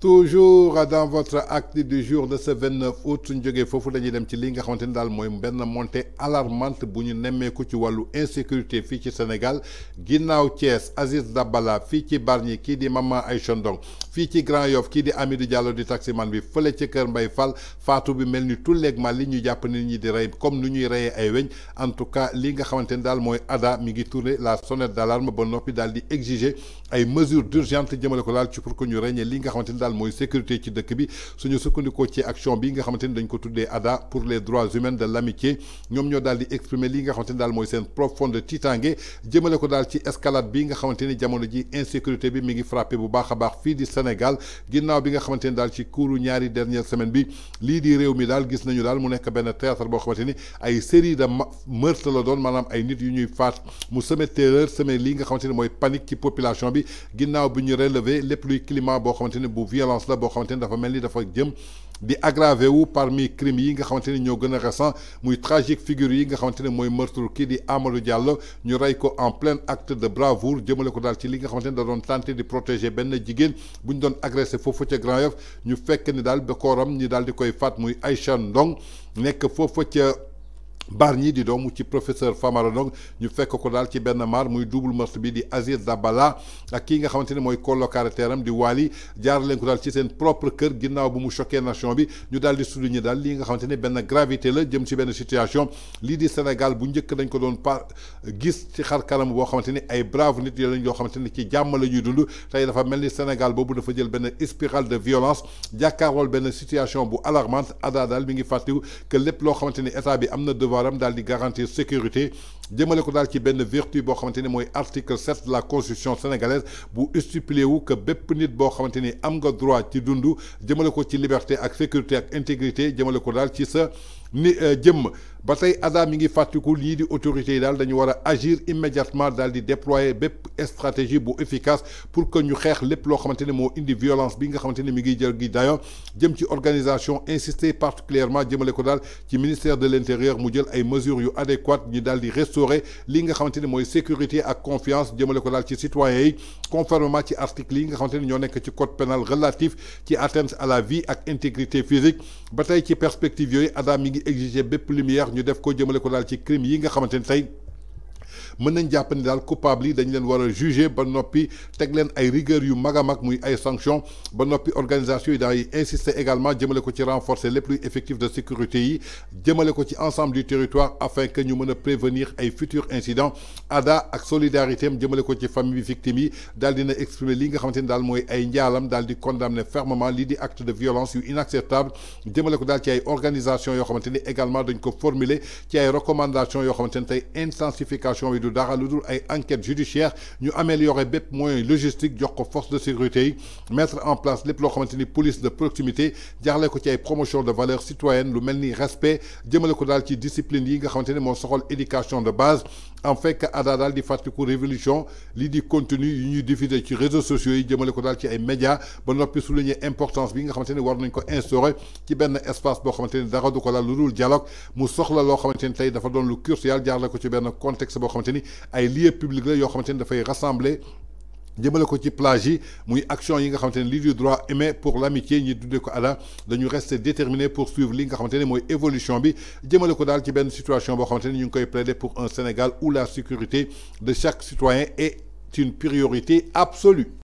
toujours dans votre acte du jour de ce 29 août suñ jógee fofu dañuy dem ci li nga dal montée alarmante bu ñu ko ci walu insécurité fi ci Sénégal ginnaw Thiès Aziz Dabala Fiti ci qui ki di Mama fii ci Grand Yoff kii di Amidou Diallo di taximan bi fele ci kër Mbay Fall fatou, bi melni ni tulleeg ma li ñu jàpp nit ñi di comme nu ñuy reyee ay weñ en tout cas li nga xamante dal moy ada mi ngi tourner la sonnette d'alarme ba nopi dal di exiger ay mesures d'urgence jëmale ko daal ci pour ko ñu régné li nga xamante dal moy sécurité ci dëkk bi suñu sukkandikoo ci action bi nga xamante dañ ko tuddé ada pour les droits humains de l'amitié ñom ñoo dal di exprimer li nga xamante dal moy sen profonde titange jëmale ko dal ci escalade bi nga xamante jamono ji insécurité bi mi ngi frappé bu baax baax fi di Sénégal ginnaaw bi nga xamante ni daal ci kuuru ñaari dernière semaine bi lii di réew mi daal gis nañu daal mu nekk benn théâtre boo xamante ni ay série de meurtre la doon maanaam ay nit yu ñuy faat mu semé terreur semé lii nga xamante ni mooy panique ci population bi ginnaaw bi ñu relever lépp luy climat boo xamante ni bu violence la boo xamante ni dafa mel ni dafa jëm di aggravé wu parmi crimes yi nga xamanteni récent muy tragique figure yi nga xamanteni moy meurtre di Amadou Diallo ñu ko en plein acte de bravoure ko ci li protéger agressé Grand Yoff ñu fekk ni ñi di koy muy Ndong Bargny di doomu ci professeur Famara nok ñu fekk ko dal ci ben mar muy double meurtre bi di Aziz Dabala ak ki nga xamante moy mooy colocataire di Wali jaar leen ko dal ci sen propre cœur ginnaw bu mu choquer nation bi ñu daal di souligner dal li nga xamante ben gravité la jëm ci ben situation li di Sénégal bu ñëk dañ ko doon pa gis ci xar kanam bo xamante ay brave nit yoo lañ yoo xamante ci jamm la ñuy dund tey dafa melni Sénégal boobu dafa jël ben spirale de violence jakarol ben situation bu alarmante ada daal mi ngi fàttiwu que lepp lo xamante état bi amna na devoir dal di garantir sécurité jëmale ko dal ci ben vertu bo xamanteni moy article 7 de la constitution sénégalaise bu stipulé wu que bépp nit bo xamanteni am nga droit ci dund jëmale ko ci liberté ak sécurité ak intégrité jëmale ko dal ci ce ni bataille euh, ba tey fait mi ngi fàttiku ñii di autorité yi daal dañu agir immédiatement dans di déployer des stratégie bu efficace pour que ñu xeex lépp loo xamante ne indi violence bi nga xamante ne mi ngi jël gi dayo jëm ci organisation insister particulièrement jëmale ko daal ci ministère de l'Intérieur intérieur mu jël ay mesures yu adéquates ñu daal di restaurer li nga xamante ne sécurité ak confiance jëmale ko daal ci citoyens yi conformément ci article yi nga xamante ne ñoo nekk ci code pénal relatif ci atteinte à la vie ak intégrité physique ba qui ci perspective yooyu ADHA ngi bépp lumière ñu def ko jëmale ko daal ci crime yi nga xamante ni tey mën nañ jàpp ni daal coupable yi dañ leen war a juger ba noppi teg leen ay rigueur yu mag a mag muy ay sanctions ba noppi organisation yi daay insister également jëmale ko ci renforcer les plus effectifs de sécurité yi jëmale ko ci ensemble du territoire afin que ñu mën a prévenir ay futurs incidents Ada, ak solidarité am jëmale ko ci famille victime yi daal dina exprimer li nga xamante ni daal mooy ay njaalam daal di condamner fermement lii di acte de violence yu inacceptable jëmale ko daal ci ay organisation yoo xamante ni également dañ ko formuler ci ay recommandations yoo xamante ni tey intensification élection yi du dara dul enquête judiciaire ñu améliorer les moyens logistiques jox ko de sécurité mettre en place les plans de police de proximité jaarle ko ci promotion de valeurs citoyennes le même ni respect jëmale ko la discipline yi nga xamante ni éducation de base en fait que ada daal di révolution l'idée di contenu une ñuy diffuser ci réseaux sociaux yi jëmale ko médias. ci ay médias ba souligner importance bi nga xamante ni war qui ko instaurer ci benn espace boo xamante dara du ko daal lu dul dialogue mu soxla loo xamante ni tey dafa doon lu crucial jaarle ko ci contexte les liens publics la rassemblés. rassembler jëmale action droit humain pour l'amitié nous devons rester pour suivre l'évolution. nga ne évolution situation pour un Sénégal où la sécurité de chaque citoyen est une priorité absolue